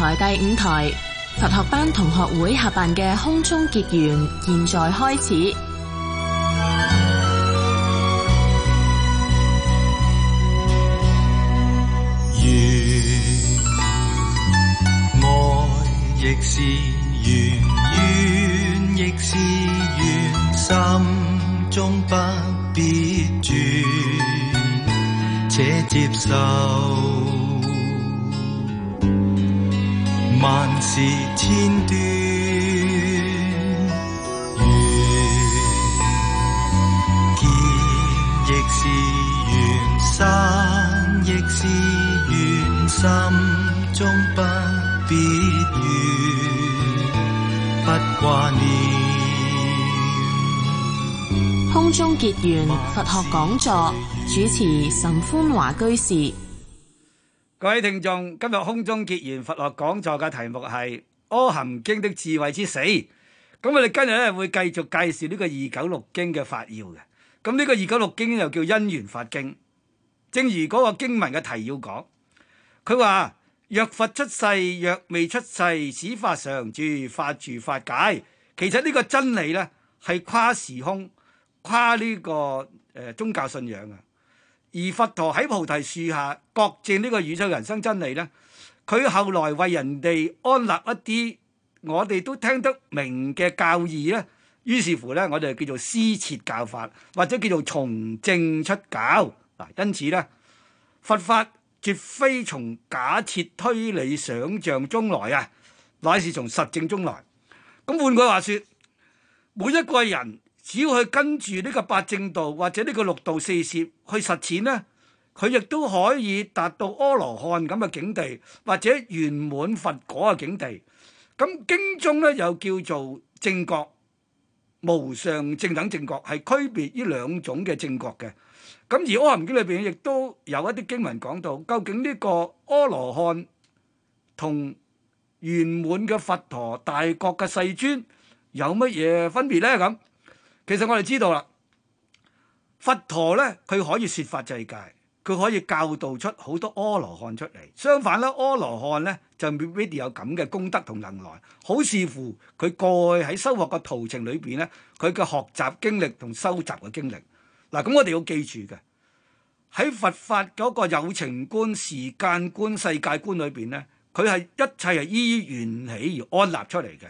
台第五台佛學班同學會合辦嘅空中結緣，現在開始。緣，愛亦是緣，怨亦是緣，心中不必絕，且接受。萬事千端，緣結亦是緣，散亦是緣，心中不必怨，不掛念。空中結緣佛學講座主持華：岑歡華居士。各位聽眾，今日空中結緣佛學講座嘅題目係《阿含經》的智慧之四。咁我哋今日咧會繼續介紹呢個二九六經嘅法要嘅。咁呢個二九六經又叫因緣法經。正如嗰個經文嘅題要講，佢話若佛出世，若未出世，此法常住，法住法解。其實呢個真理咧係跨時空、跨呢個宗教信仰嘅。而佛陀喺菩提樹下覺證呢個宇宙人生真理咧，佢後來為人哋安立一啲我哋都聽得明嘅教義咧，於是乎咧，我哋叫做施設教法，或者叫做從正出教。嗱，因此咧，佛法絕非從假設推理想象中來啊，乃是從實證中來。咁換句話說，每一個人。只要佢跟住呢個八正道或者呢個六道四攝去實踐咧，佢亦都可以達到阿羅漢咁嘅境地，或者圓滿佛果嘅境地。咁經中咧又叫做正覺，無上正等正覺係區別呢兩種嘅正覺嘅。咁而《阿含經》裏邊亦都有一啲經文講到，究竟呢個阿羅漢同圓滿嘅佛陀大覺嘅世尊有乜嘢分別咧？咁，其實我哋知道啦，佛陀呢，佢可以說法世界，佢可以教導出好多阿羅漢出嚟。相反啦，阿羅漢呢，就未必有咁嘅功德同能耐。好視乎佢過去喺修學嘅途程裏邊呢，佢嘅學習經歷同修習嘅經歷。嗱，咁我哋要記住嘅喺佛法嗰個有情觀、時間觀、世界觀裏邊呢，佢係一切係依緣起而安立出嚟嘅。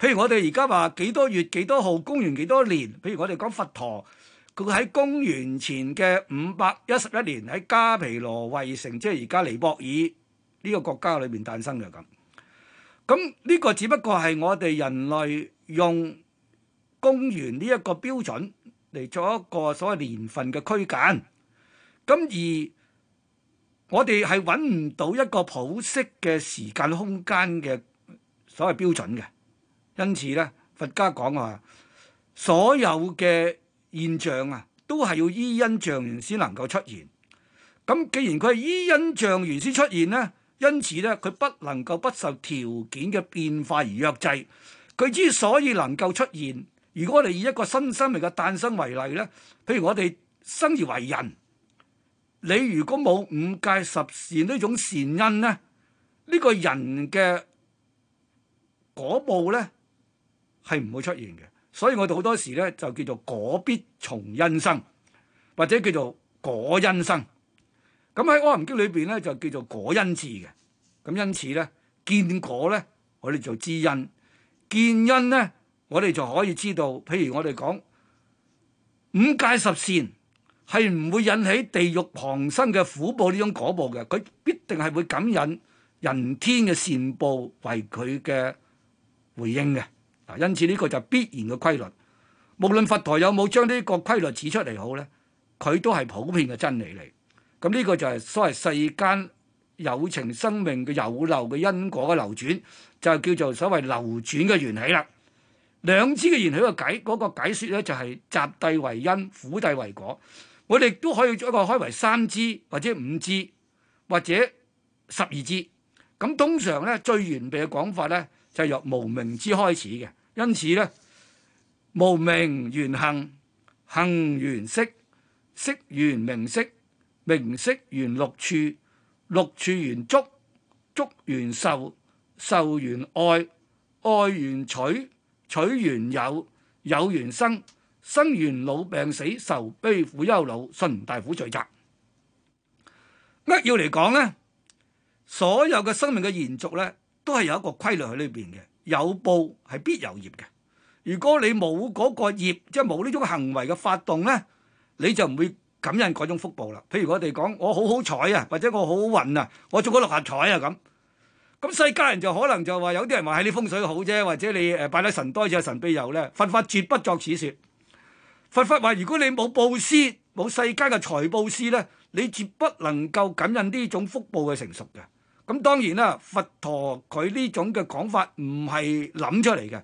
譬如我哋而家話幾多月幾多號，公元幾多年？譬如我哋講佛陀，佢喺公元前嘅五百一十一年喺加皮羅衛城，即係而家尼泊爾呢個國家裏面誕生嘅咁。咁呢個只不過係我哋人類用公元呢一個標準嚟做一個所謂年份嘅區間。咁而我哋係揾唔到一個普適嘅時間空間嘅所謂標準嘅。因此咧，佛家講話，所有嘅現象啊，都係要依因象緣先能夠出現。咁既然佢係依因象緣先出現呢，因此咧，佢不能夠不受條件嘅變化而約制。佢之所以能夠出現，如果我哋以一個新生命嘅誕生為例呢，譬如我哋生而為人，你如果冇五戒十善呢種善因呢，呢個人嘅果報咧，係唔會出現嘅，所以我哋好多時咧就叫做果必從因生，或者叫做果因生。咁喺《阿含經》裏邊咧就叫做果因字嘅。咁因此咧，見果咧，我哋就知因；見因咧，我哋就可以知道。譬如我哋講五戒十善，係唔會引起地獄旁生嘅苦報呢種果報嘅，佢必定係會感染人天嘅善報為佢嘅回應嘅。因此呢個就必然嘅規律，無論佛陀有冇將呢個規律指出嚟好呢，佢都係普遍嘅真理嚟。咁、這、呢個就係所謂世間有情生命嘅有漏嘅因果嘅流轉，就叫做所謂流轉嘅緣起啦。兩支嘅緣起嘅解嗰、那個解説呢，就係集諦為因，苦諦為果。我哋都可以作一個開為三支，或者五支，或者十二支。咁通常呢，最完備嘅講法呢，就由無明之開始嘅。因此咧，無明緣行，行緣識，識緣名色，名色緣六處，六處緣觸，觸緣受，受緣愛，愛緣取，取緣有，有緣生，生緣老病死，受悲苦憂老，純大苦聚集。扼要嚟講呢，所有嘅生命嘅延續呢，都係有一個規律喺裏邊嘅。有報係必有業嘅，如果你冇嗰個業，即係冇呢種行為嘅發動咧，你就唔會感應嗰種福報啦。譬如我哋講，我好好彩啊，或者我好好運啊，我中咗六合彩啊咁，咁世家人就可能就話，有啲人話係你風水好啫，或者你誒拜得神多自有神庇佑咧。佛法絕不作此説，佛法話如果你冇佈施，冇世間嘅財佈施咧，你絕不能夠感應呢種福報嘅成熟嘅。咁當然啦、啊，佛陀佢呢種嘅講法唔係諗出嚟嘅，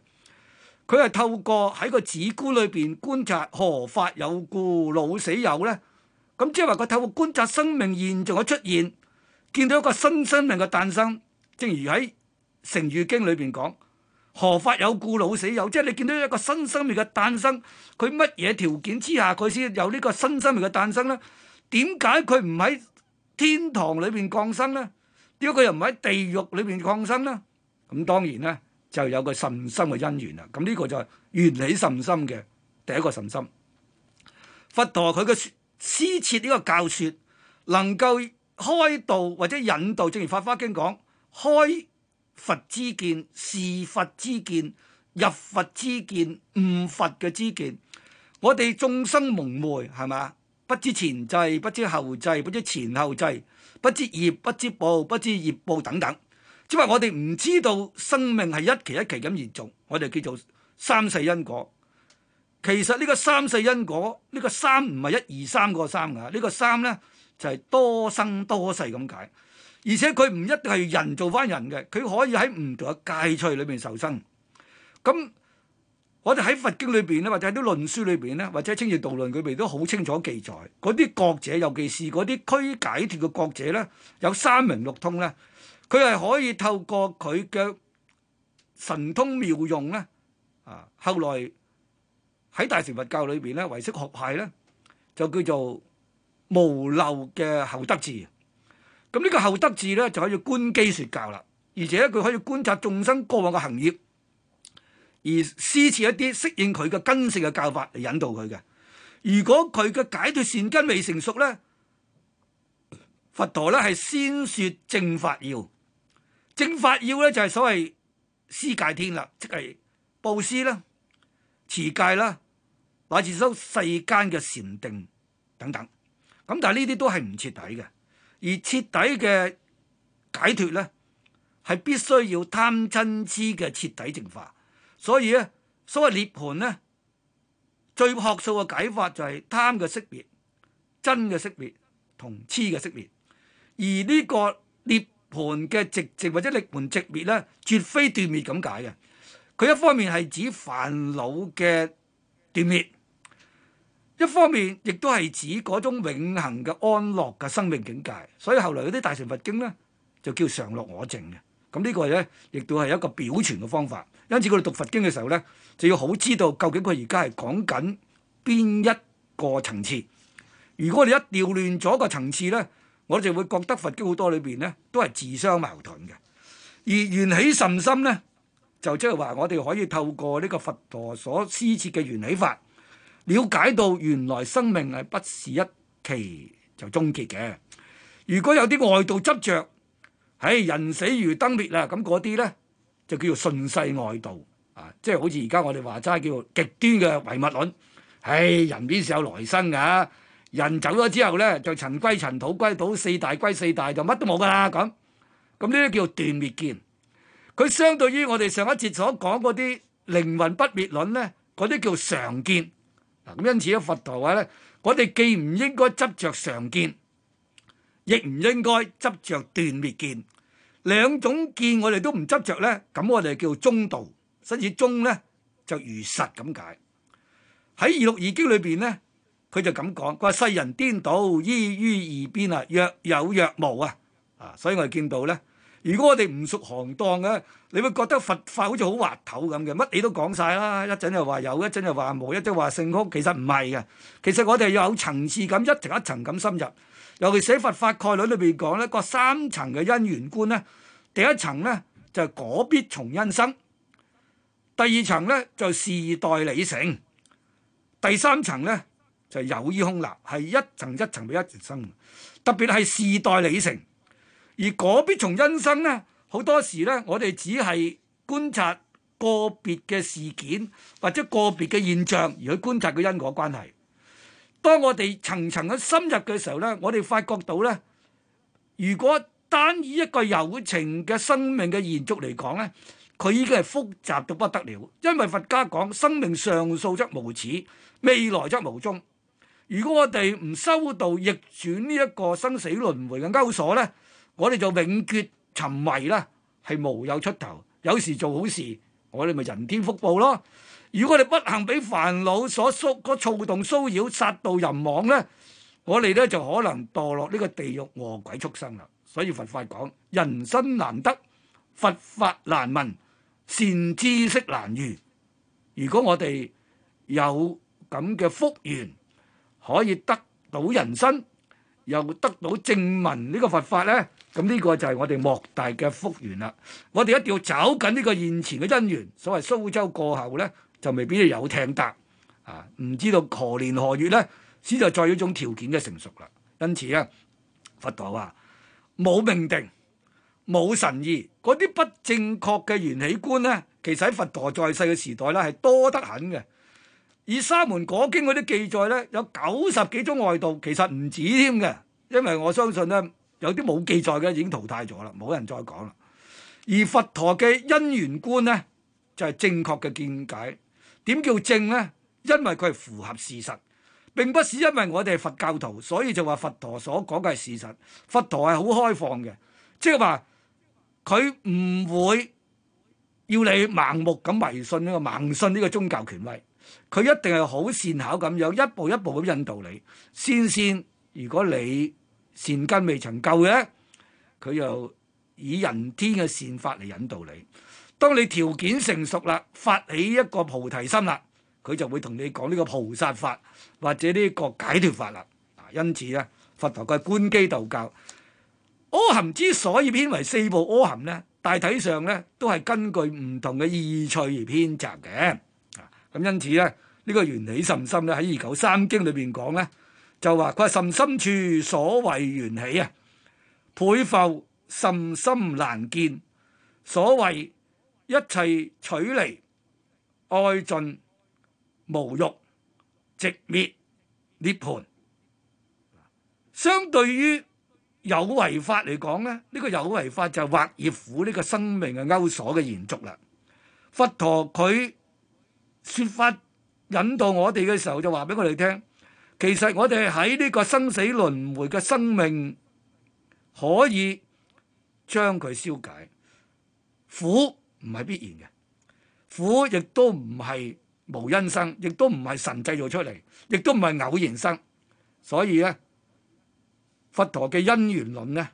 佢係透過喺個止觀裏邊觀察何法有故老死有呢？咁即係話佢透過觀察生命現象嘅出現，見到一個新生命嘅誕生，正如喺《成語經》裏邊講，何法有故老死有，即係你見到一個新生命嘅誕生，佢乜嘢條件之下佢先有呢個新生命嘅誕生呢？點解佢唔喺天堂裏邊降生呢？如果佢又唔喺地獄裏邊抗生咧，咁當然呢，就有個甚深嘅因緣啦。咁呢個就係緣起甚深嘅第一個甚深。佛陀佢嘅施設呢個教説，能夠開導或者引導，正如《法花經》講：開佛之見、示佛之見、入佛之見、悟佛嘅之見。我哋眾生蒙昧係嘛，不知前際，不知後際，不知前後際。不知業，不知報，不知業報等等，只話我哋唔知道生命係一期一期咁而做，我哋叫做三世因果。其實呢個三世因果，呢個三唔係一二三個三㗎，呢個三呢，就係多生多世咁解，而且佢唔一定係人做翻人嘅，佢可以喺唔同嘅界趣裏面受生。咁我哋喺佛經裏邊咧，或者喺啲論書裏邊咧，或者《清淨道論》裏面，佢哋都好清楚記載，嗰啲覺者，尤其是嗰啲俱解脫嘅覺者咧，有三明六通咧，佢係可以透過佢嘅神通妙用咧，啊，後來喺大乘佛教裏邊咧，唯識學派咧，就叫做無漏嘅後得智。咁呢個後得智咧，就可以觀機説教啦，而且佢可以觀察眾生過往嘅行業。而施設一啲適應佢嘅根性嘅教法嚟引導佢嘅，如果佢嘅解脫善根未成熟咧，佛陀咧係先說正法要。正法要咧就係所謂施戒天啦，即係布施啦、持戒啦，乃至修世間嘅禪定等等。咁但係呢啲都係唔徹底嘅，而徹底嘅解脫咧係必須要貪嗔痴嘅徹底淨化。所以咧，所謂涅槃咧，最學術嘅解法就係貪嘅熄滅、瞋嘅熄滅同痴嘅熄滅。而呢個涅槃嘅寂寂或者涅槃寂滅咧，絕非斷滅咁解嘅。佢一方面係指煩惱嘅斷滅，一方面亦都係指嗰種永恆嘅安樂嘅生命境界。所以後來嗰啲大乘佛經咧，就叫常樂我淨嘅。咁呢個咧，亦都係一個表詮嘅方法。因此佢哋讀佛經嘅時候呢，就要好知道究竟佢而家係講緊邊一個層次。如果你一調亂咗個層次呢，我就會覺得佛經好多裏邊呢都係自相矛盾嘅。而緣起甚深呢，就即係話我哋可以透過呢個佛陀所施設嘅緣起法，了解到原來生命係不是一期就終結嘅。如果有啲外道執着，唉，人死如燈滅啦，咁嗰啲呢。就叫做順世外道，啊，即係好似而家我哋話齋叫做極端嘅唯物論。唉，人邊時有來生㗎？人走咗之後咧，就塵歸塵，土歸土，四大歸四大，就乜都冇㗎啦。咁咁呢啲叫斷滅見。佢相對於我哋上一節所講嗰啲靈魂不滅論咧，嗰啲叫常見。嗱，咁因此咧，佛陀話咧，我哋既唔應該執著常見，亦唔應該執著斷滅見。兩種見我哋都唔執着呢，咁我哋就叫中道，甚至中呢，就如實咁解。喺《二六二經》裏邊呢，佢就咁講，佢話世人顛倒依於二邊啊，若有若無啊，啊，所以我哋見到呢，如果我哋唔熟行當嘅，你會覺得佛法好似好滑頭咁嘅，乜你都講晒啦，一陣又話有，一陣又話無，一陣話性空。其實唔係嘅，其實我哋有層次感，一層一層咁深入。尤其寫佛法概論裏邊講咧，個三層嘅因緣觀咧，第一層咧就係果必從因生，第二層咧就係事待理成，第三層咧就有依空立，係一層一層嘅一層生。特別係事待理成，而果必從因生咧，好多時咧，我哋只係觀察個別嘅事件或者個別嘅現象而去觀察個因果關係。當我哋層層咁深入嘅時候呢，我哋發覺到呢，如果單以一個有情嘅生命嘅延續嚟講呢，佢已經係複雜到不得了。因為佛家講生命上溯則無始，未來則無終。如果我哋唔修道逆轉呢一個生死輪迴嘅勾鎖呢，我哋就永絕沉迷啦，係無有出頭。有時做好事，我哋咪人天福報咯。如果你不幸俾煩惱所騷、個躁動騷擾、殺到人亡呢，我哋呢就可能墮落呢個地獄惡鬼畜生啦。所以佛法講，人身難得，佛法難聞，善知識難遇。如果我哋有咁嘅福緣，可以得到人身，又得到正聞呢、呢個佛法呢，咁呢個就係我哋莫大嘅福緣啦。我哋一定要找緊呢個現前嘅因緣，所謂蘇州過後呢，就未必有聽得啊！唔知道何年何月咧，先就再有呢種條件嘅成熟啦。因此咧，佛陀話：冇命定，冇神意。嗰啲不正確嘅緣起觀咧，其實喺佛陀在世嘅時代咧，係多得很嘅。而《沙門果經》嗰啲記載咧，有九十幾種外道，其實唔止添嘅。因為我相信咧，有啲冇記載嘅已經淘汰咗啦，冇人再講啦。而佛陀嘅因緣觀咧，就係、是、正確嘅見解。點叫正呢？因為佢係符合事實，並不是因為我哋係佛教徒，所以就話佛陀所講嘅係事實。佛陀係好開放嘅，即係話佢唔會要你盲目咁迷信呢個盲信呢個宗教權威，佢一定係好善巧咁樣一步一步咁引導你先先，善善如果你善根未曾夠嘅，佢又以人天嘅善法嚟引導你。當你條件成熟啦，發起一個菩提心啦，佢就會同你講呢個菩薩法或者呢個解脫法啦。啊，因此咧，佛陀佢係觀機度教。阿含之所以編為四部阿含咧，大體上咧都係根據唔同嘅意趣而編集嘅。啊，咁因此咧，呢個緣起甚深咧，喺二九三經裏邊講咧，就話佢係甚深處，所謂緣起啊，倍復甚深難見，所謂。一切取離愛盡無欲寂滅，涅槃。相對於有為法嚟講咧，呢、這個有為法就係挖業苦呢個生命嘅勾鎖嘅延續啦。佛陀佢說法引導我哋嘅時候就話俾我哋聽，其實我哋喺呢個生死輪回嘅生命可以將佢消解苦。唔係必然嘅，苦亦都唔係無因生，亦都唔係神製造出嚟，亦都唔係偶然生。所以咧，佛陀嘅因緣論咧，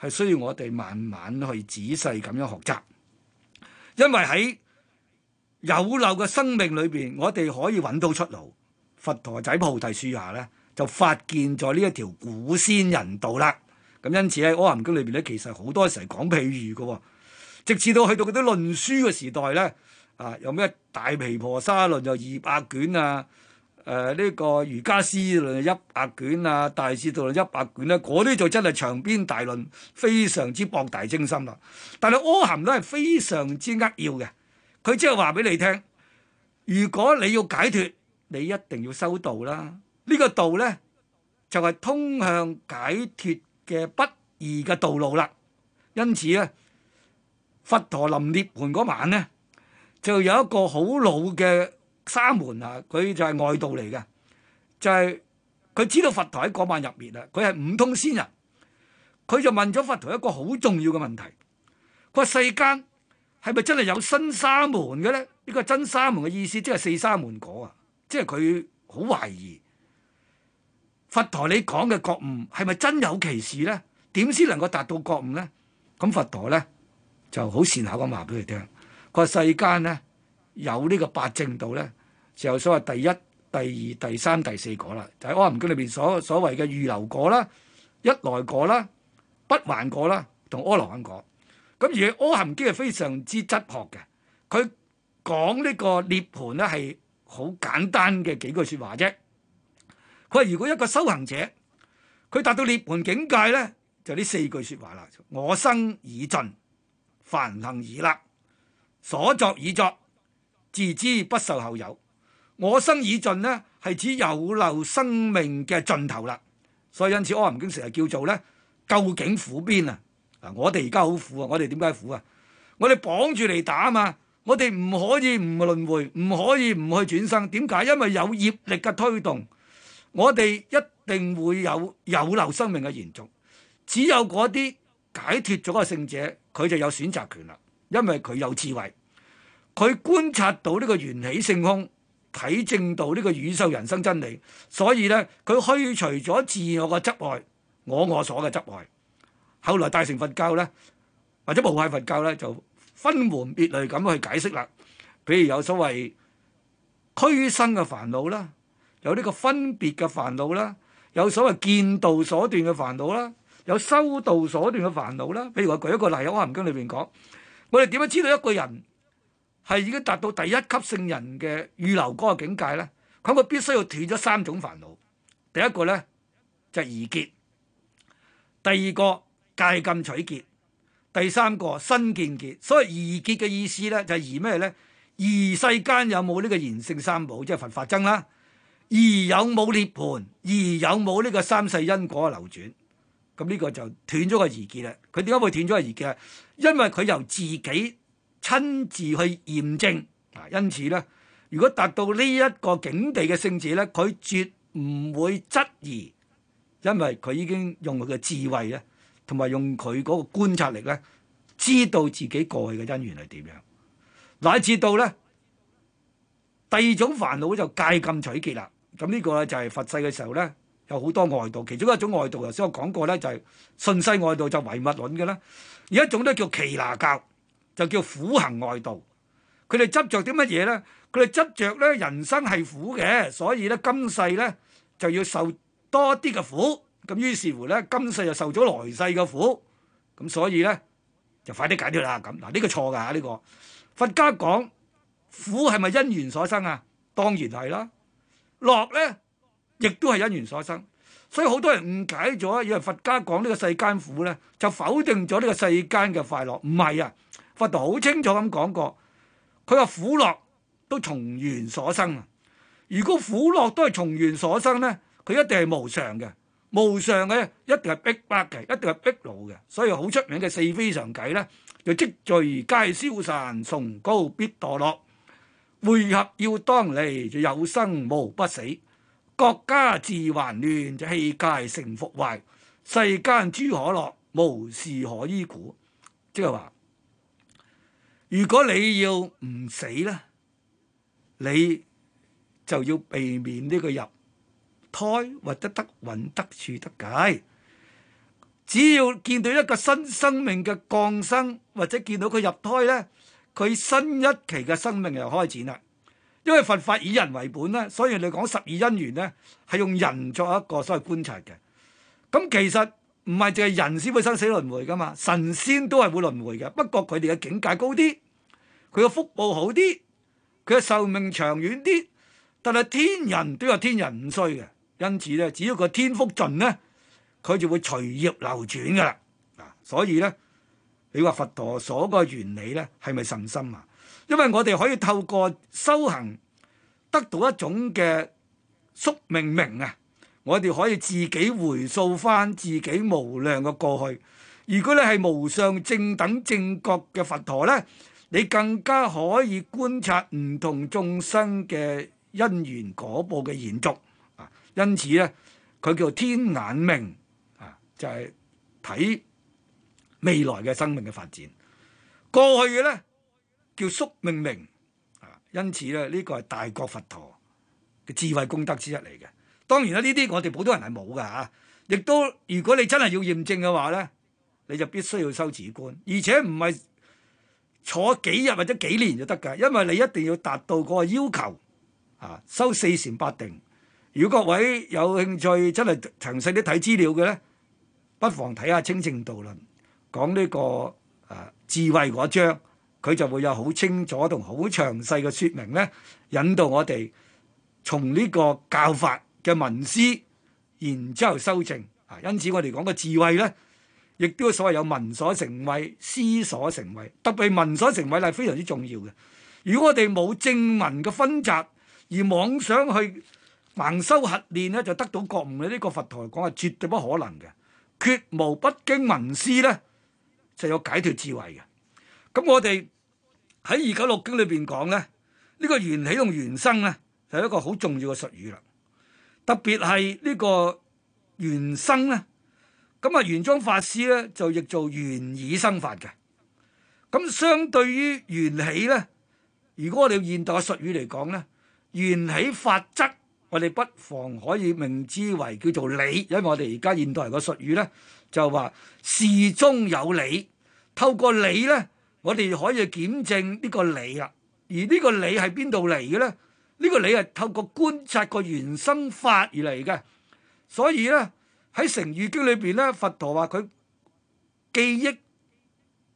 係需要我哋慢慢去仔細咁樣學習。因為喺有漏嘅生命裏邊，我哋可以揾到出路。佛陀仔菩提樹下咧，就發見咗呢一條古仙人道啦。咁因此喺《阿含經》裏邊咧，其實好多時係講譬喻嘅喎。直至到去到嗰啲論書嘅時代呢啊，有咩大毗婆沙論就二百卷啊，誒、呃、呢、這個瑜伽師論一百卷啊，大智度論一百卷咧、啊，嗰啲就真係長篇大論，非常之博大精深啦。但係阿含都係非常之扼要嘅，佢只係話俾你聽，如果你要解脫，你一定要修道啦。呢、這個道呢，就係、是、通向解脫嘅不易嘅道路啦。因此呢。佛陀臨涅盤嗰晚咧，就有一個好老嘅沙門啊，佢就係外道嚟嘅，就係、是、佢知道佛陀喺嗰晚入面入滅啦，佢係五通仙人，佢就問咗佛陀一個好重要嘅問題，佢話世間係咪真係有新沙門真沙門嘅咧？呢、這個真沙門嘅意思即係四沙門果啊，即係佢好懷疑佛陀你講嘅覺悟係咪真有其事咧？點先能夠達到覺悟咧？咁佛陀咧？就好善巧咁話俾佢聽。佢話世間咧，有呢個八正道咧，就有所謂第一、第二、第三、第四果啦，就喺阿含經裏邊所所謂嘅預流果啦、一來果啦、不還果啦同阿羅漢果。咁而阿含經係非常之質樸嘅，佢講呢個涅槃咧係好簡單嘅幾句説話啫。佢話：如果一個修行者佢達到涅槃境界咧，就呢四句説話啦。我生已盡。凡行已立，所作已作，自知不受後有。我生已盡咧，係指有漏生命嘅盡頭啦。所以因此，阿含經成日叫做咧，究竟苦邊啊。嗱，我哋而家好苦啊！我哋點解苦啊？我哋綁住嚟打嘛，我哋唔可以唔輪迴，唔可以唔去轉生。點解？因為有業力嘅推動，我哋一定會有有漏生命嘅延續。只有嗰啲解脫咗嘅聖者。佢就有選擇權啦，因為佢有智慧，佢觀察到呢個緣起性空，體證到呢個宇宙人生真理，所以呢，佢去除咗自我嘅執愛，我我所嘅執愛。後來大乘佛教呢，或者無派佛教呢，就分門別類咁去解釋啦，比如有所謂俱生嘅煩惱啦，有呢個分別嘅煩惱啦，有所謂見道所斷嘅煩惱啦。有修道所斷嘅煩惱啦，譬如我舉一個例喺《阿含經》裏邊講，我哋點樣知道一個人係已經達到第一級聖人嘅預留嗰個境界咧？佢必須要斷咗三種煩惱。第一個咧就係、是、疑結，第二個戒禁取結，第三個身見結。所謂疑結嘅意思咧就係疑咩咧？疑世間有冇呢個賢聖三寶，即、就、係、是、佛法僧啦？疑有冇涅槃？疑有冇呢個三世因果嘅流轉？咁呢個就斷咗個疑結啦。佢點解會斷咗個疑結啊？因為佢由自己親自去驗證啊，因此咧，如果達到呢一個境地嘅聖者咧，佢絕唔會質疑，因為佢已經用佢嘅智慧咧，同埋用佢嗰個觀察力咧，知道自己過去嘅因緣係點樣，乃至到咧第二種煩惱就戒禁取結啦。咁呢個咧就係佛世嘅時候咧。有好多外道，其中一種外道，頭先我講過咧，就係順世外道就唯物論嘅啦，而一種咧叫耆那教，就叫苦行外道。佢哋執著啲乜嘢咧？佢哋執著咧人生係苦嘅，所以咧今世咧就要受多啲嘅苦。咁於是乎咧，今世又受咗來世嘅苦。咁所以咧就快啲解決啦。咁嗱，呢個錯㗎，呢個佛家講苦係咪因緣所生啊？當然係啦，樂咧。亦都係因緣所生，所以好多人誤解咗，以為佛家講呢個世間苦咧，就否定咗呢個世間嘅快樂。唔係啊，佛陀好清楚咁講過，佢話苦樂都從緣所生。如果苦樂都係從緣所生咧，佢一定係無常嘅。無常嘅一定係逼迫嘅，一定係逼老嘅。所以好出名嘅四非常偈咧，就積聚皆消散，崇高必墮落，匯合要當離，就有生無不死。國家治還亂，器界成復壞，世間諸可樂，無事可依怙。即係話，如果你要唔死咧，你就要避免呢個入胎或者得運得住得解。只要見到一個新生命嘅降生，或者見到佢入胎咧，佢新一期嘅生命又開始啦。因為佛法以人為本咧，所以你講十二因緣咧，係用人作一個所謂觀察嘅。咁其實唔係淨係人先會生死輪迴噶嘛，神仙都係會輪迴嘅。不過佢哋嘅境界高啲，佢嘅福報好啲，佢嘅壽命長遠啲。但係天人都有天人唔衰嘅，因此咧，只要個天福盡咧，佢就會隨業流轉噶啦。啊，所以咧，你話佛陀所個原理咧係咪甚深？啊？因為我哋可以透過修行得到一種嘅宿命明啊，我哋可以自己回溯返自己無量嘅過去。如果咧係無上正等正覺嘅佛陀咧，你更加可以觀察唔同眾生嘅因緣果報嘅延續啊。因此咧，佢叫天眼明啊，就係睇未來嘅生命嘅發展，過去嘅呢。叫宿命明，啊，因此咧呢個係大覺佛陀嘅智慧功德之一嚟嘅。當然啦，呢啲我哋普通人係冇嘅吓，亦都如果你真係要驗證嘅話咧，你就必須要修止觀，而且唔係坐幾日或者幾年就得噶因為你一定要達到嗰個要求啊，修四禪八定。如果各位有興趣真係詳細啲睇資料嘅咧，不妨睇下《清淨道論》講這個，講呢個誒智慧嗰章。佢就會有好清楚同好詳細嘅説明咧，引導我哋從呢個教法嘅聞思然之後修正啊。因此我哋講嘅智慧咧，亦都所謂有聞所成慧、思所成慧，特別係聞所成慧係非常之重要嘅。如果我哋冇正聞嘅分擇而妄想去盲修瞎練咧，就得到覺悟嘅呢個佛陀嚟講係絕對不可能嘅。決無不經聞思咧，就有解脱智慧嘅。咁我哋。喺二九六經裏邊講咧，呢、這個緣起同緣生咧，係一個好重要嘅術語啦。特別係呢個緣生咧，咁啊，玄奘法師咧就譯做緣已生法嘅。咁相對於緣起咧，如果我哋用現代嘅術語嚟講咧，緣起法則，我哋不妨可以名之為叫做理，因為我哋而家現代人嘅術語咧就話事中有理，透過理咧。我哋可以檢證呢個理啊，而呢個理係邊度嚟嘅咧？呢、呢個理係透過觀察個緣生法而嚟嘅，所以咧喺《成語經》裏邊咧，佛陀話佢記憶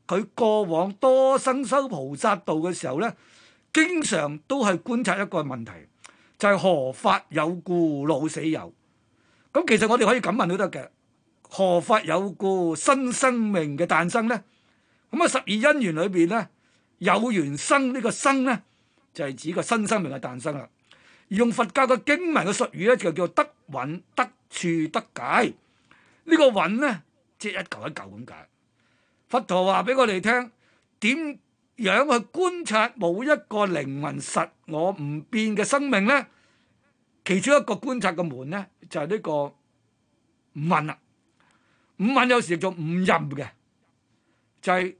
佢過往多生修菩薩道嘅時候咧，經常都係觀察一個問題，就係、係、何法有故老死有？咁其實我哋可以咁問都得嘅，何法有故新生命嘅誕生咧？咁啊，十二因緣裏邊咧，有緣生，生呢個生咧，就係、是、指個新生命嘅誕生啦。而用佛教嘅經文嘅術語咧，就叫得蘊得處得界。這個、呢個蘊咧，即係一嚿一嚿咁解。佛陀話俾我哋聽，點樣去觀察冇一個靈魂實我唔變嘅生命咧？其中一個觀察嘅門咧，就係、是、呢個五蘊啦。五蘊有時叫做五陰嘅，就係、是。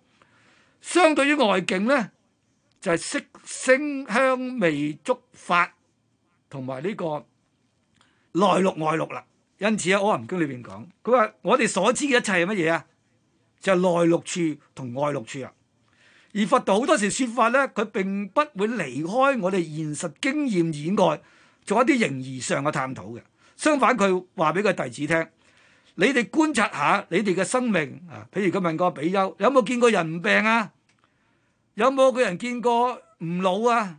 相對於外境咧，就係、是、色聲香味觸法同埋呢個內六外六啦。因此喺《阿含經》裏邊講，佢話我哋所知嘅一切係乜嘢啊？就係、是、內六處同外六處啊。而佛道好多時說法咧，佢並不會離開我哋現實經驗以外，做一啲形而上嘅探討嘅。相反，佢話俾佢弟子聽。你哋觀察下你哋嘅生命啊，譬如佢問過比丘：有冇見過人唔病啊？有冇個人見過唔老啊？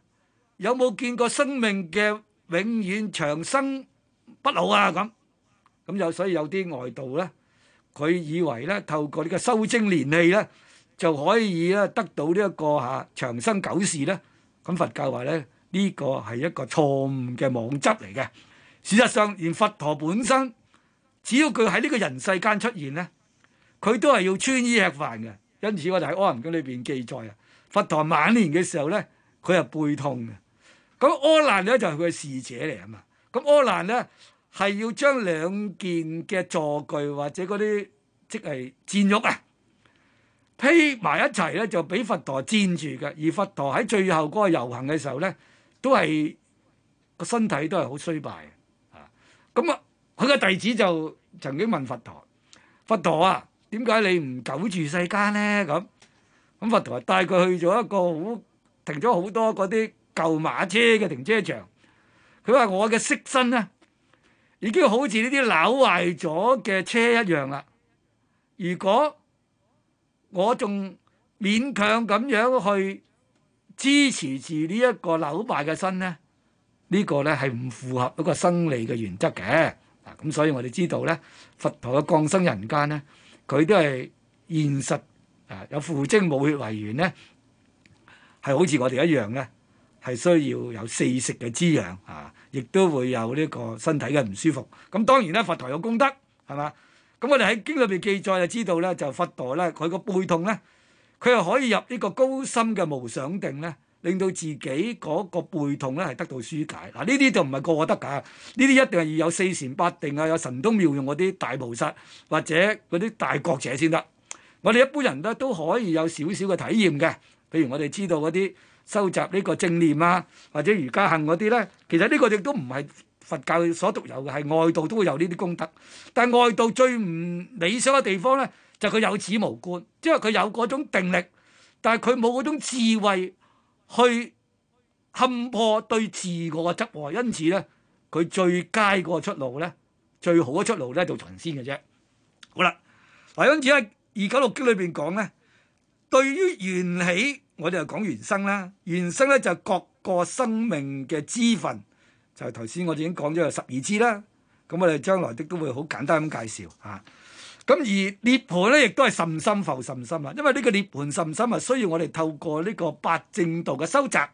有冇見過生命嘅永遠長生不老啊？咁咁有，所以有啲外道咧，佢以為咧透過呢個修精煉氣咧就可以咧得到呢一個嚇、啊、長生久視咧。咁佛教話咧呢、這個係一個錯誤嘅妄執嚟嘅。事實上，連佛陀本身。只要佢喺呢個人世間出現呢，佢都係要穿衣吃飯嘅。因此我就喺《阿含經》裏邊記載啊，佛陀晚年嘅時候呢，佢係背痛嘅。咁阿難呢，就係佢嘅侍者嚟啊嘛。咁阿難呢，係要將兩件嘅坐具或者嗰啲即係墊褥啊披埋一齊呢，就俾佛陀墊住嘅。而佛陀喺最後嗰個遊行嘅時候呢，都係個身體都係好衰敗啊。咁啊～佢嘅弟子就曾經問佛陀：佛陀啊，點解你唔久住世間咧？咁咁，佛陀帶佢去咗一個好，停咗好多嗰啲舊馬車嘅停車場。佢話：我嘅色身咧，已經好似呢啲扭壞咗嘅車一樣啦。如果我仲勉強咁樣去支持住呢一個扭壞嘅身咧，這個、呢個咧係唔符合嗰個生理嘅原則嘅。咁所以，我哋知道咧，佛陀嘅降生人間咧，佢都係現實，誒、呃、有父精母血為緣咧，係好似我哋一樣咧，係需要有四食嘅滋養啊，亦都會有呢個身體嘅唔舒服。咁當然咧，佛陀有功德，係嘛？咁我哋喺經裏邊記載就知道咧，就佛陀咧，佢個背痛咧，佢又可以入呢個高深嘅無想定咧。令到自己嗰個背痛咧係得到疏解嗱，呢啲就唔係個個得㗎，呢啲一定係要有四禪八定啊，有神通妙用嗰啲大菩薩或者嗰啲大覺者先得。我哋一般人咧都可以有少少嘅體驗嘅，譬如我哋知道嗰啲修習呢個正念啊，或者瑜伽行嗰啲咧，其實呢個亦都唔係佛教所獨有嘅，係外道都會有呢啲功德。但係外道最唔理想嘅地方咧，就係佢有止無觀，即係佢有嗰種定力，但係佢冇嗰種智慧。去勘破對自我嘅執，因此咧佢最佳個出路咧，最好嘅出路咧做神仙嘅啫。好啦，嗱，因此咧《二九六經》裏邊講咧，對於緣起，我哋就講緣生啦。緣生咧就各個生命嘅資分。就係頭先我哋已經講咗有十二支啦。咁我哋將來的都會好簡單咁介紹嚇。咁而涅槃咧，亦都係甚深浮甚深啊！因為呢個涅槃甚深啊，需要我哋透過呢個八正道嘅修習，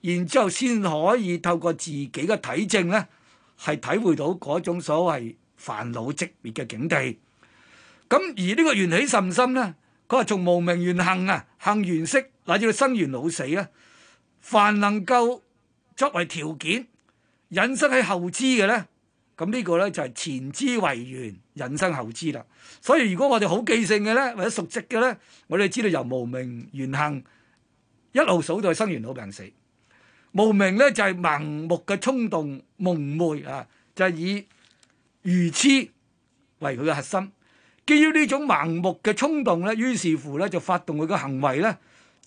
然之後先可以透過自己嘅體證咧，係體會到嗰種所謂煩惱寂滅嘅境地。咁、嗯、而個呢個緣起甚深咧，佢話從無明緣行啊，行緣識，乃至生緣老死啊，凡能夠作為條件引生喺後知嘅咧。咁呢個呢，就係前支為緣，引生後支啦。所以如果我哋好記性嘅呢，或者熟悉嘅呢，我哋知道由無明緣行一路數到生、緣老、病、死。無明呢，就係盲目嘅衝動、蒙昧啊，就係、是、以愚痴為佢嘅核心。基於呢種盲目嘅衝動呢，於是乎呢，就發動佢嘅行為呢，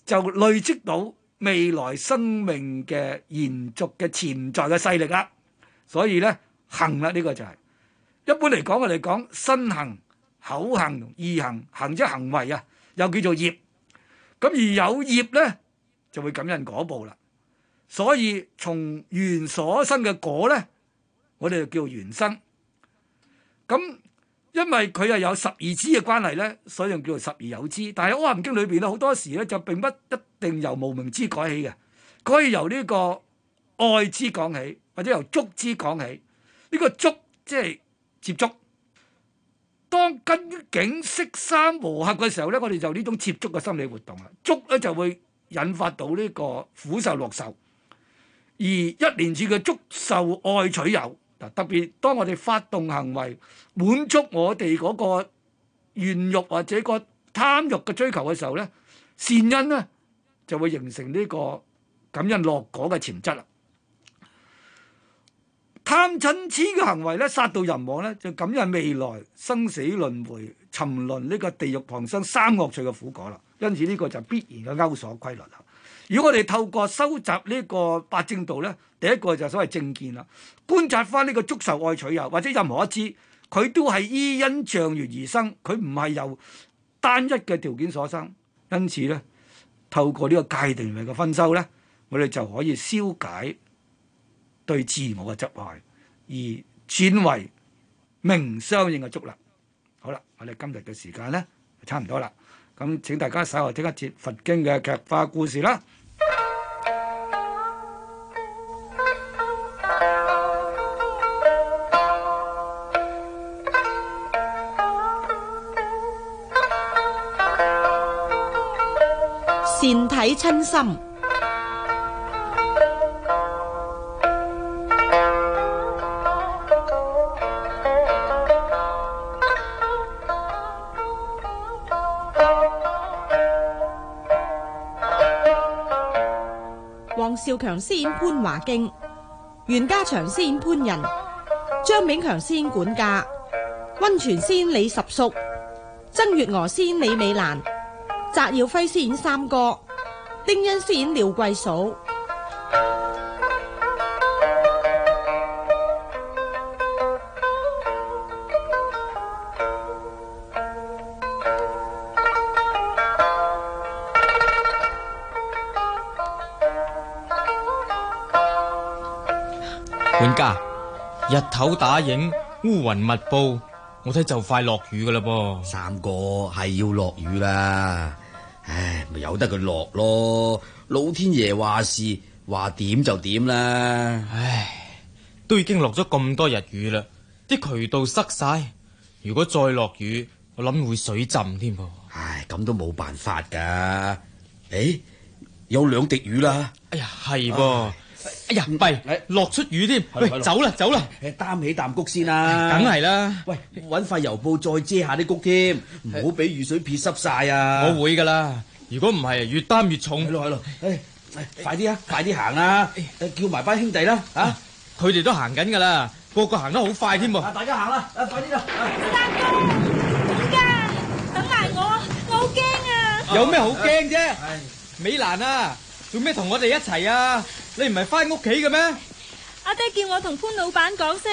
就累積到未來生命嘅延續嘅潛在嘅勢力啦。所以呢。行啦，呢、這個就係、是、一般嚟講，我哋講身行、口行、意行，行即係行為啊，又叫做業。咁而有業咧，就會感應果報啦。所以從緣所生嘅果咧，我哋就叫做緣生。咁因為佢又有十二支嘅關係咧，所以就叫做十二有支。但喺《阿含經》裏邊咧，好多時咧就並不一定由無明支改起嘅，可以由呢個愛支講起，或者由足支講起。呢個觸即係接觸，當根境識三和合嘅時候呢，我哋就呢種接觸嘅心理活動啊，觸咧就會引發到呢個苦受樂受，而一連串嘅觸受愛取有，特別當我哋發動行為滿足我哋嗰個願欲或者個貪欲嘅追求嘅時候呢，善因呢就會形成呢個感恩樂果嘅潛質啦。貪嗔癡嘅行為咧，殺到人亡咧，就咁樣係未來生死輪迴、沉淪呢個地獄旁生三惡趣嘅苦果啦。因此呢個就必然嘅勾鎖規律啦。如果我哋透過收集呢個八正道咧，第一個就所謂正見啦，觀察翻呢個觸受愛取有或者任何一支，佢都係依因仗緣而生，佢唔係由單一嘅條件所生。因此咧，透過呢個界定嘅分修咧，我哋就可以消解。對自我嘅執壞，而轉為明相應嘅足力。好啦，我哋今日嘅時間呢就差唔多啦。咁，請大家稍後聽一節佛經嘅劇化故事啦。善體親心。少強先，演潘華經袁家祥先，演潘仁張炳強先，演管家溫泉先，演李十叔曾月娥先，演李美蘭翟耀輝先，演三哥丁恩先，演廖貴嫂。管家，日頭打影，烏雲密布，我睇就快落雨噶啦噃。三哥係要落雨啦，唉，咪由得佢落咯。老天爺話事，話點就點啦。唉，都已經落咗咁多日雨啦，啲渠道塞晒，如果再落雨，我諗會水浸添。唉，咁都冇辦法噶。唉，有兩滴雨啦。哎呀，係噃。呀，唔係，落出雨添。喂，走啦，走啦，擔起擔穀先啦。梗係啦。喂，搵塊油布再遮下啲穀添，唔好俾雨水撇濕晒啊。我會噶啦，如果唔係越擔越重。係咯係咯，哎，快啲啊，快啲行啊，叫埋班兄弟啦，吓，佢哋都行緊噶啦，個個行得好快添。大家行啦，啊，快啲啦。大哥，等埋我，我好驚啊。有咩好驚啫？美蘭啊，做咩同我哋一齊啊？你唔係翻屋企嘅咩？阿爹叫我同潘老闆講聲，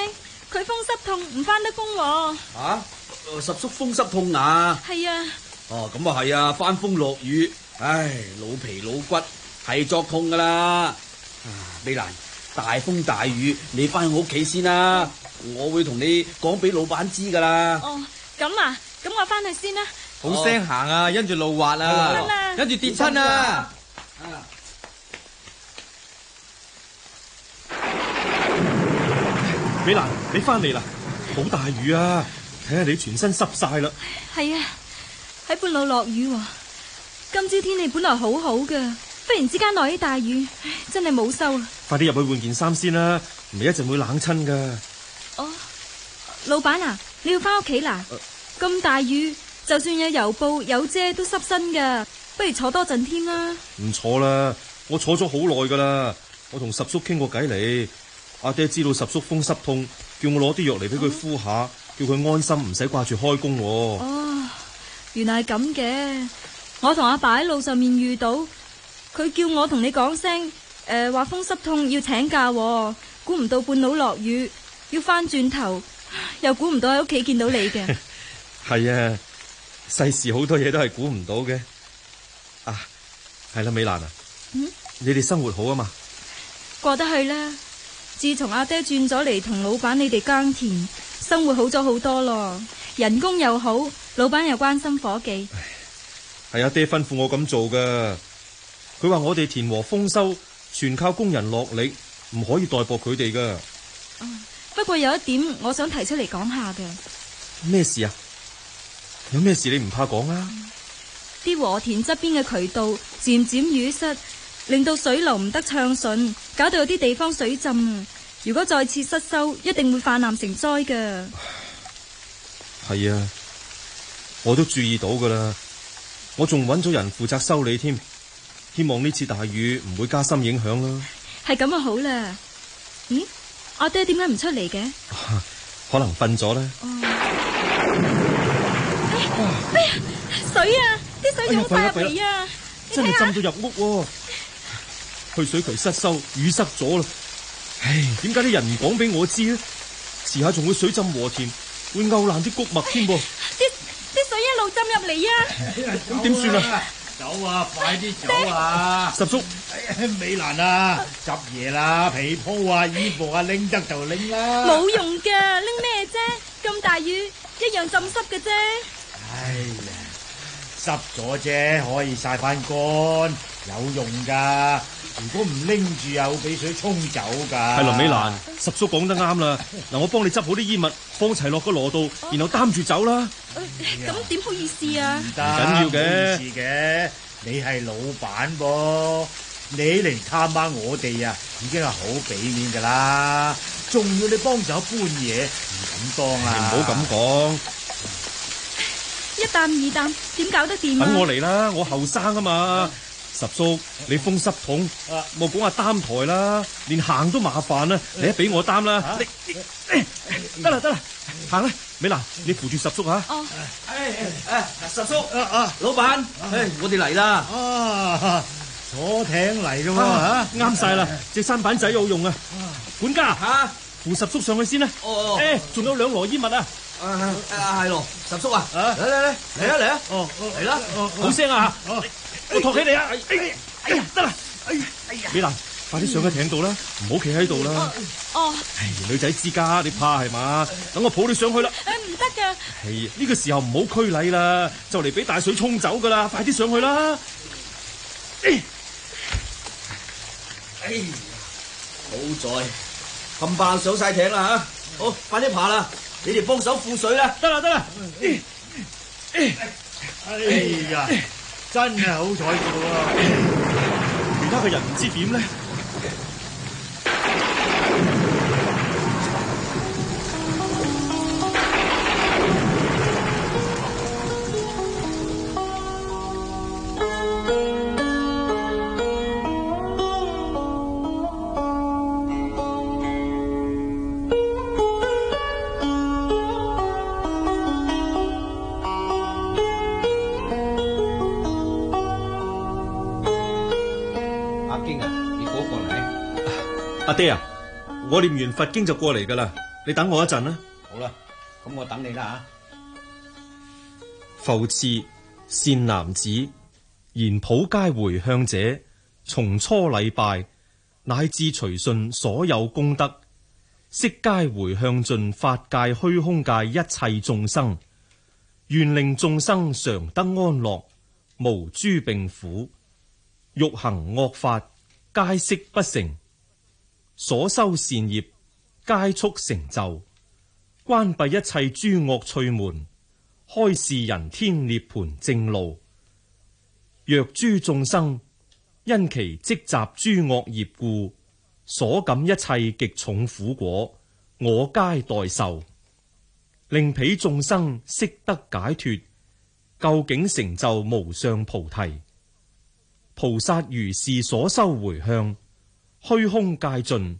佢風濕痛唔翻得工喎。啊，十叔風濕痛啊？係啊。哦，咁啊，係啊，翻風落雨，唉，老皮老骨係作痛噶啦。啊，美蘭，大風大雨，你翻去我屋企先啦，我會同你講俾老闆知噶啦。哦，咁啊，咁我翻去先啦。好聲行啊，因住路滑啊，因住跌親啊。啊。美蘭，你翻嚟啦！好大雨啊，睇下你全身濕晒啦。係啊，喺半路落雨，啊，今朝天氣本來好好噶，忽然之間落起大雨，真係冇收啊！快啲入去換件衫先啦，唔係一陣會冷親噶。哦，老闆啊，你要翻屋企啦？咁、呃、大雨，就算有油布有遮都濕身噶，不如坐多陣添啦。唔坐啦，我坐咗好耐噶啦，我同十叔傾過偈嚟。阿爹知道十叔風濕痛，叫我攞啲藥嚟俾佢敷下，哦、叫佢安心，唔使掛住開工哦。哦，原來係咁嘅。我同阿爸喺路上面遇到，佢叫我同你講聲，誒、呃，話風濕痛要請假。估唔到半路落雨，要翻轉頭，又估唔到喺屋企見到你嘅。係 啊，世事好多嘢都係估唔到嘅。啊，係啦、啊，美蘭啊，嗯，你哋生活好啊嘛？過得去啦。自從阿爹轉咗嚟同老闆你哋耕田，生活好咗好多咯，人工又好，老闆又關心伙計。係阿爹吩咐我咁做嘅，佢話我哋田禾豐收全靠工人落力，唔可以待薄佢哋噶。不過有一點，我想提出嚟講下嘅。咩事啊？有咩事你唔怕講啊？啲、嗯、禾田側邊嘅渠道漸漸淤塞，令到水流唔得暢順，搞到有啲地方水浸。如果再次失收，一定會泛濫成災噶。係啊，我都注意到噶啦，我仲搵咗人負責修理添，希望呢次大雨唔會加深影響咯。係咁啊，好啦。咦，阿爹點解唔出嚟嘅？可能瞓咗啦。哎呀，水啊！啲水湧晒嚟啊！真係浸到入屋喎！去水渠失修，雨濕咗啦。唉，點解啲人唔講俾我知咧？遲下仲會水浸禾田，會漚爛啲谷物添噃。啲啲水一路浸入嚟啊！咁點算啊？走啊！快啲走啊！十叔。哎呀，美蘭啊，執嘢啦，被鋪啊，衣服啊，拎得就拎啦。冇用噶，拎咩啫？咁大雨，一樣浸濕嘅啫。哎呀，濕咗啫，可以晒翻乾，有用噶。如果唔拎住又俾水沖走噶，係林、啊、美蘭十、uhm，叔講得啱啦。嗱，我幫你執好啲衣物，放齊落個籮度，然後擔住走啦。咁點好意思啊？唔緊要嘅，唔好意思嘅。你係老板噃，你嚟探下我哋啊，已經係好俾面噶啦。仲要你，幫你幫手搬嘢，唔敢當啊！唔好咁講，講一擔二擔點搞得掂啊？等我嚟啦，我後生啊嘛。十叔，你風濕痛，莫講話擔台啦，連行都麻煩啦，你一俾我擔啦。得啦得啦，行啦。美娜，你扶住十叔吓。哎，十叔，老闆，我哋嚟啦，坐艇嚟噶嘛，啱晒啦，隻舢板仔有用啊。管家，扶十叔上去先啦。哎，仲有兩籮衣物啊。係咯，十叔啊，嚟嚟嚟，嚟啊嚟啊，嚟啦，好聲啊。我托起你啊！哎呀，哎呀，得啦！哎呀，美蘭，快啲上去艇度啦，唔好企喺度啦！哦，哎，女仔之家，你怕係嘛？等我抱你上去啦！哎，唔得噶！係呢個時候唔好拘禮啦，就嚟俾大水沖走噶啦，快啲上去啦！哎，哎呀，好在咁快上晒艇啦吓，好，快啲爬啦！你哋幫手戽水啦！得啦，得啦！哎，哎呀！真係好彩嘅喎，其 他嘅人唔知點咧。爹啊，我念完佛經就過嚟噶啦，你等我一陣啦，啊。好啦，咁，嗯、我等你啦吓，啊。復次善男子，言普皆回向者，從初禮拜乃至隨順所有功德，悉皆回向盡法界虛空界一切眾生，願令眾生常得安樂，無諸病苦，欲行惡法，皆悉不成。所修善業皆速成就，關閉一切諸惡趣門，開示人天涅盤正路。若諸眾生因其積集諸惡業故，所感一切極重苦果，我皆代受，令彼眾生悉得解脫，究竟成就無上菩提。菩薩如是所修回向。虛空界盡，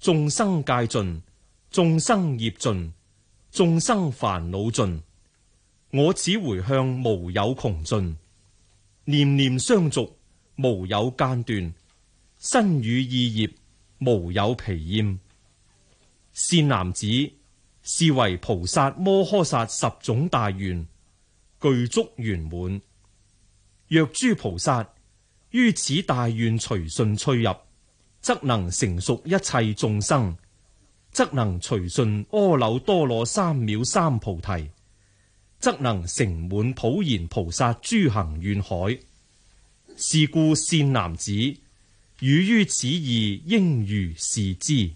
眾生界盡，眾生業盡，眾生煩惱盡。我此回向，無有窮盡，念念相續，無有間斷，身語意業，無有疲厭。善男子，是為菩薩摩訶薩十種大願具足圓滿。若諸菩薩於此大願隨順趣入。則能成熟一切眾生，則能隨順阿耨多羅三藐三菩提，則能成滿普賢菩薩諸行願海。是故善男子，汝於此義，應如是知。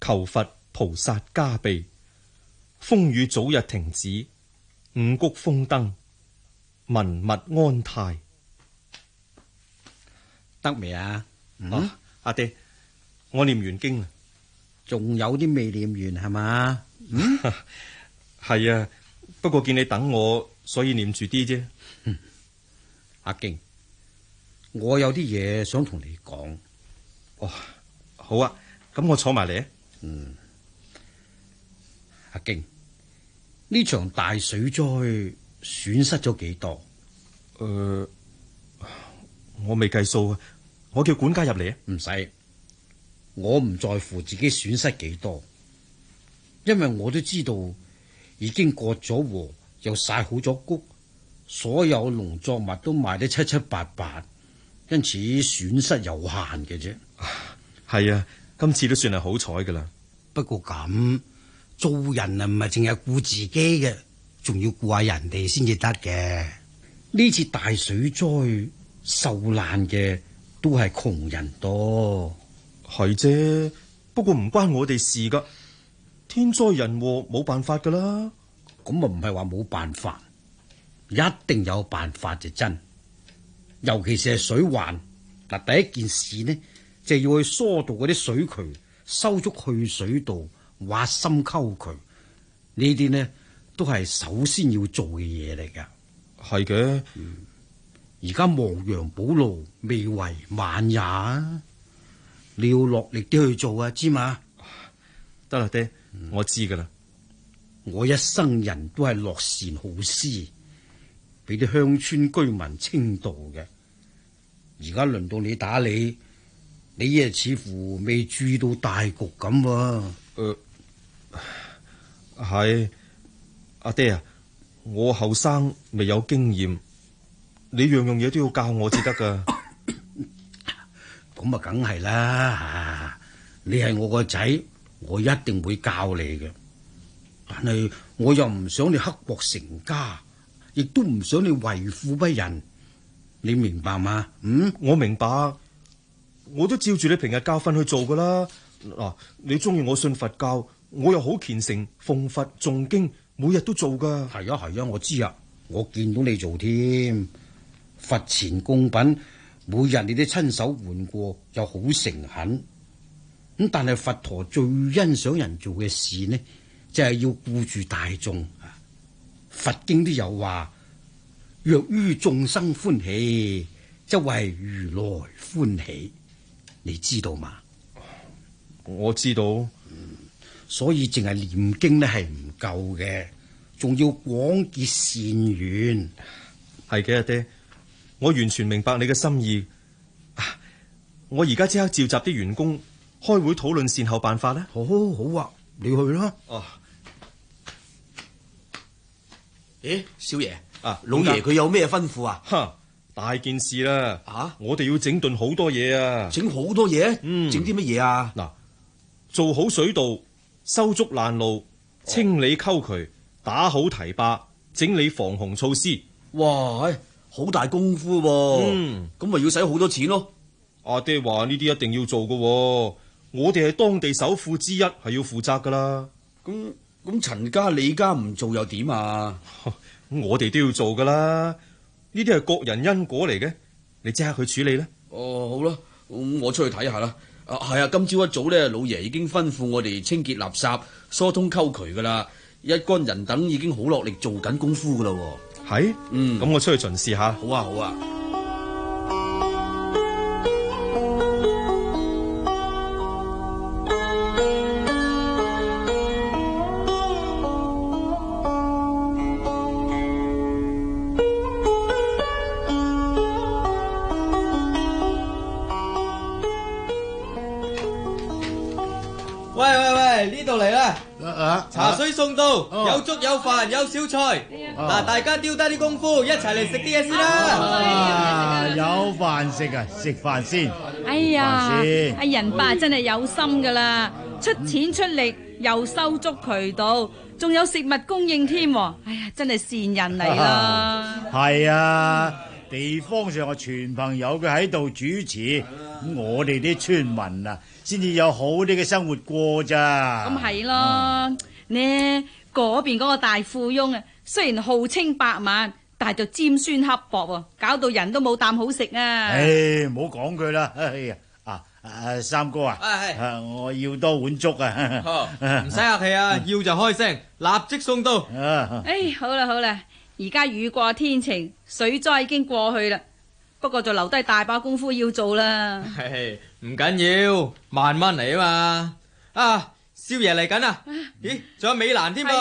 求佛菩薩加被，風雨早日停止，五穀豐登，萬物安泰。得未啊？阿爹，我念完經啦，仲有啲未念完係嘛？嗯，係啊，不過見你等我，所以念住啲啫。阿敬，我有啲嘢想同你講。哦，好啊，咁我坐埋嚟啊。嗯，阿敬，呢場大水災損失咗幾多？誒，我未計數啊。我叫管家入嚟啊！唔使，我唔在乎自己損失幾多，因為我都知道已經割咗禾，又曬好咗穀，所有農作物都賣得七七八八，因此損失有限嘅啫。係啊，啊，今次都算係好彩㗎喇。不過咁做人啊，唔係淨係顧自己嘅，仲要顧下人哋先至得嘅。呢次大水災受難嘅，都係窮人多，係啫。不過唔關我哋事噶，天災人禍冇辦法噶啦。咁啊，唔係話冇辦法，一定有辦法就真。尤其是係水患嗱，第一件事呢，就係、是、要去疏導嗰啲水渠、收足去水道、挖深溝渠呢啲呢，都係首先要做嘅嘢嚟噶。係嘅的。嗯而家亡羊補牢未為晚也，你要落力啲去做啊，知嘛？得啦，爹，嗯、我知噶啦。我一生人都係樂善好施，俾啲鄉村居民稱道嘅。而家輪到你打理，你亦似乎未注意到大局咁喎。誒、呃，係阿爹啊，我後生未有經驗。嗯你樣樣嘢都要教我至得噶，咁 啊，梗 係啦！你係我個仔，我一定會教你嘅。但係我又唔想你刻薄成家，亦都唔想你為富不仁，你明白嗎？嗯，我明白，我都照住你平日教訓去做噶啦。嗱、啊，你中意我信佛教，我又好虔誠，奉佛誦經，每日都做噶。係啊係啊，我知啊，我見到你做添。佛前供品，每日你哋親手換過，又好誠懇咁。但係佛陀最欣賞人做嘅事呢，就係要顧住大眾啊。佛經都有話：若於眾生歡喜，則為如來歡喜。你知道嗎？我知道，嗯、所以淨係念經呢，係唔夠嘅，仲要廣結善緣。係嘅，阿爹。我完全明白你嘅心意，我而家即刻召集啲員工開會討論善後辦法啦。好，好啊，你去啦。哦、哎，咦，少爺啊，老爺佢有咩吩咐啊？吓，大件事啦。吓、啊，我哋要整頓好多嘢啊。整好多嘢？嗯，整啲乜嘢啊？嗱，做好水道，修築爛路，清理溝渠，打好堤壩，整理防洪措施。哇！哎好大功夫噃、啊，嗯，咁咪要使好多錢咯、啊。阿爹話呢啲一定要做噶，我哋係當地首富之一，係要負責噶啦。咁咁陳家李家唔做又點啊？ 我哋都要做噶啦，呢啲係各人因果嚟嘅。你即刻去處理啦。哦、呃，好啦，我出去睇下啦。啊，係啊，今朝一早咧，老爺已經吩咐我哋清潔垃圾、疏通溝渠噶啦，一干人等已經好落力做緊功夫噶啦。係，是嗯，咁我出去巡視下。好啊，好啊。喂喂喂，呢度嚟啦！啊，茶水送到，有粥有飯有小菜。嗱，啊、大家丟低啲功夫，一齊嚟食啲嘢先啦！有飯食啊，食飯先，哎呀，食飯先。阿仁伯真係有心噶啦，出錢出力、嗯、又收足渠道，仲有食物供應添。哎呀，真係善人嚟咯。係啊，啊，地方上我全朋友佢喺度主持，咁的我哋啲村民啊，先至有好啲嘅生活過咋。咁係咯，呢嗰邊嗰個大富翁啊！雖然號稱百萬，但係就尖酸刻薄，搞到人都冇啖好食啊！唉、哎，唔好講佢啦，哎啊，三哥啊，哎、啊我要多碗粥啊，唔使、oh, 客氣啊，要就開聲，立即送到。唉、哎，好啦好啦，而家雨過天晴，水災已經過去啦，不過就留低大把功夫要做啦。唔緊、哎、要，慢慢嚟啊嘛，啊！少爺嚟緊啊！咦，仲有美蘭添噃？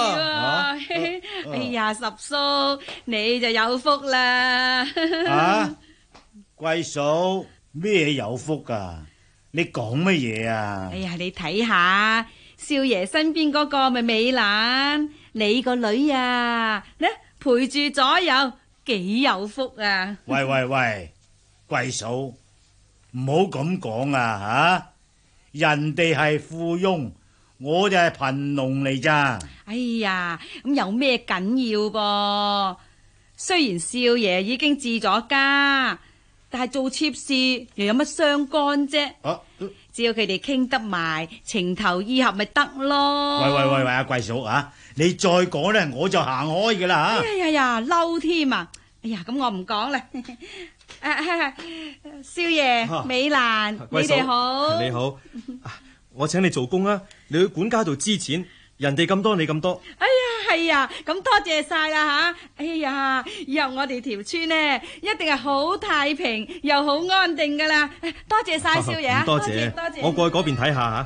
哎呀，十叔，你就有福啦！啊，貴嫂咩有福啊？你講乜嘢啊？哎呀，你睇下少爺身邊嗰個咪美蘭，你個女啊，呢，陪住左右，幾有福啊！喂喂喂，貴嫂唔好咁講啊！吓，人哋係富翁。我就係貧農嚟咋？哎呀，咁有咩緊要噃，啊？雖然少爺已經置咗家，但係做妾事又有乜相干啫，啊？啊、只要佢哋傾得埋，情投意合咪得咯？喂喂喂喂，阿貴嫂啊，你再講咧，我就行開噶啦吓！哎呀呀，嬲添啊！哎呀，咁我唔講啦。少爺、啊、美蘭，啊、你哋好，你好，我請你做工啊！你去管家度支錢，人哋咁多，你咁多。哎呀，係啊，咁多謝晒啦吓。哎呀，以後我哋條村呢，一定係好太平又好安定噶啦。多謝晒、啊、少爺，多謝多謝，我過去嗰邊睇下吓。啊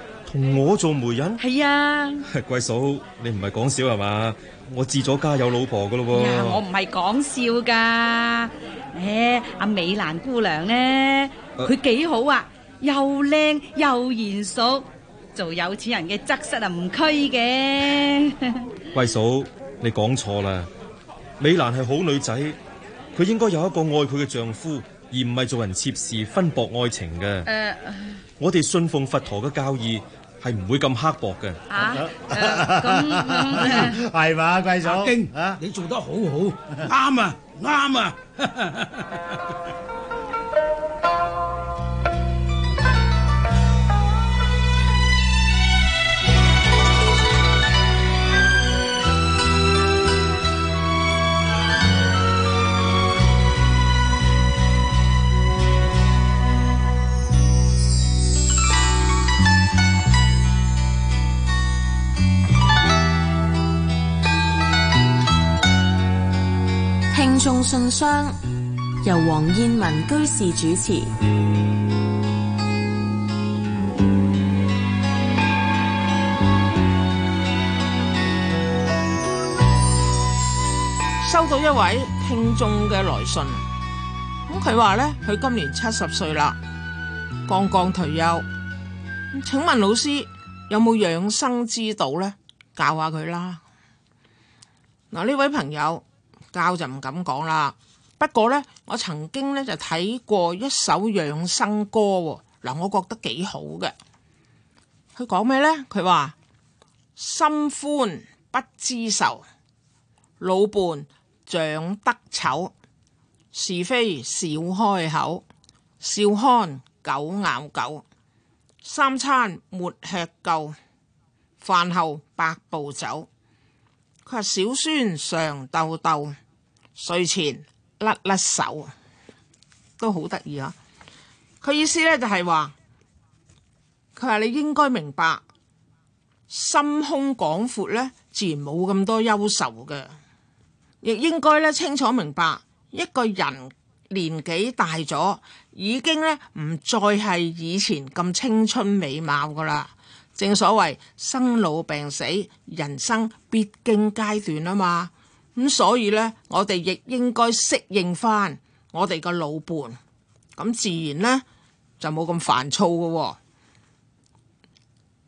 同我做媒人係啊，貴嫂你唔係講笑係嘛？我自咗家有老婆噶咯喎。呀，我唔係講笑噶。誒、哎，阿美蘭姑娘咧，佢、呃、幾好啊，又靚又賢淑，做有錢人嘅側室啊，唔拘嘅。貴嫂，你講錯啦。美蘭係好女仔，佢應該有一個愛佢嘅丈夫，而唔係做人妾侍分薄愛情嘅。誒、呃，我哋信奉佛陀嘅教義。係唔會咁刻薄嘅，啊。啊，咁啊，係嘛，嗯， 貴嫂，勁經，啊，你做得好好，啱 啊，啱啊。 聽眾信箱由黃燕文居士主持。收到一位聽眾嘅來信，咁佢話呢，佢今年七十歲啦，剛剛退休。請問老師有冇養生之道呢？教下佢啦。嗱，呢位朋友。教就唔敢講啦。不過呢，我曾經呢就睇過一首養生歌，嗱，我覺得幾好嘅。佢講咩呢？佢話心歡不知愁，老伴長得醜，是非少開口，笑看狗咬狗，三餐沒吃夠，飯後百步走。佢話小孫常逗逗。睡前甩甩手啊，都好得意啊！佢意思咧，就係話，佢話你應該明白，心胸廣闊咧，自然冇咁多憂愁嘅。亦應該咧，清楚明白，一個人年紀大咗，已經咧，唔再係以前咁青春美貌噶啦。正所謂生老病死，人生必經階段啊嘛。咁所以呢，我哋亦應該適應翻我哋個老伴，咁自然呢，就冇咁煩躁㗎喎。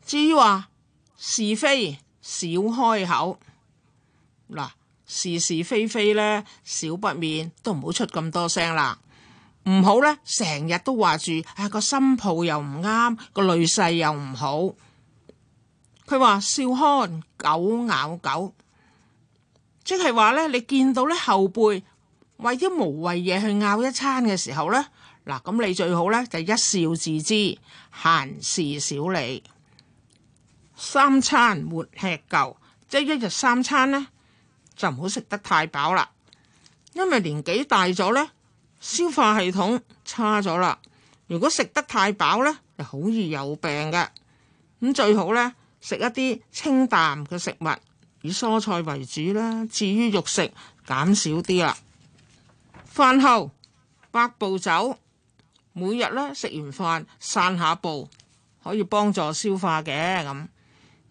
至於話是非少開口，嗱，是是非非呢，少不免都唔好出咁多聲啦，唔好呢，成日都話住，唉、啊、個新抱又唔啱，個女婿又唔好。佢話笑看狗咬狗。即係話咧，你見到咧後輩為啲無謂嘢去拗一餐嘅時候咧，嗱咁你最好咧就一笑置之，閒事少理。三餐沒吃夠，即係一日三餐呢，就唔好食得太飽啦，因為年紀大咗咧，消化系統差咗啦。如果食得太飽咧，就好易有病嘅。咁最好咧食一啲清淡嘅食物。以蔬菜為主啦，至於肉食減少啲啦。飯後百步走，每日咧食完飯散下步，可以幫助消化嘅咁。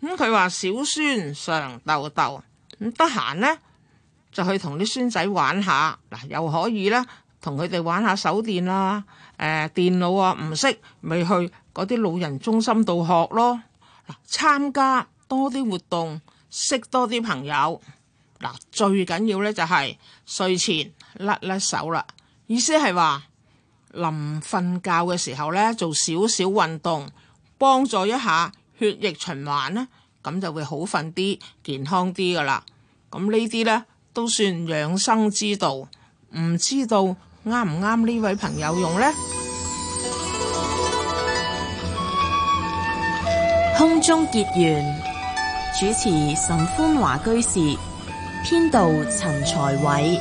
咁佢話小孫常逗逗，咁得閒呢，就去同啲孫仔玩下嗱，又可以呢，同佢哋玩下手電啦，誒、呃、電腦啊唔識咪去嗰啲老人中心度學咯，嗱參加多啲活動。識多啲朋友，嗱最緊要呢就係睡前甩甩手啦，意思係話臨瞓覺嘅時候呢，做少少運動，幫助一下血液循環呢，咁就會好瞓啲，健康啲噶啦。咁呢啲呢都算養生之道，唔知道啱唔啱呢位朋友用呢？空中結緣。主持岑寬華居士，編導陳才偉。